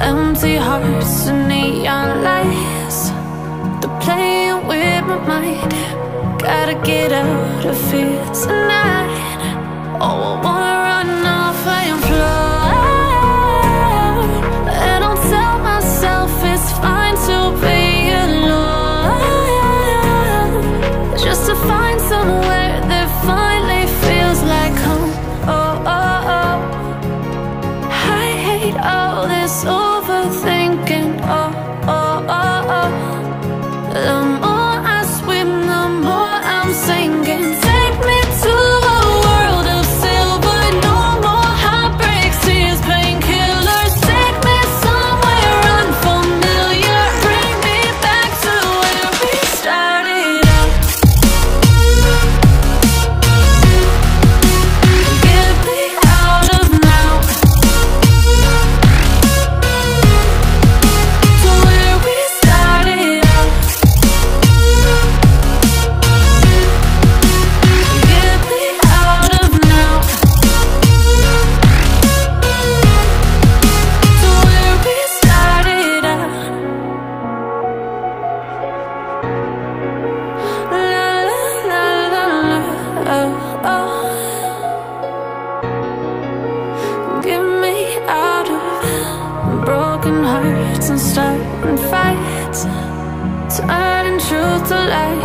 empty hearts and neon lights They're playing with my mind Gotta get out of here tonight Oh, I wanna run off, I am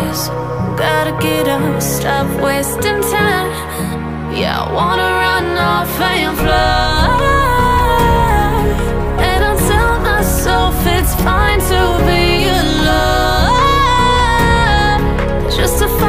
eyes Gotta get up, stop wasting time Yeah, I wanna run off and fly And I tell myself it's fine to be alone Just to find.